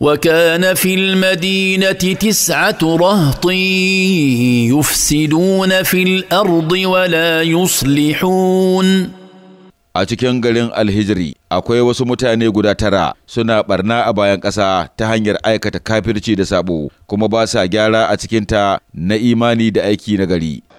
وكان في المدينه تسعه رهط يفسدون في الارض ولا يصلحون a cikin garin alhijiri akwai wasu mutane guda tara suna barna a bayan ƙasa ta hanyar aikata kafirci da sabo kuma ba sa gyara a cikinta na imani da aiki na gari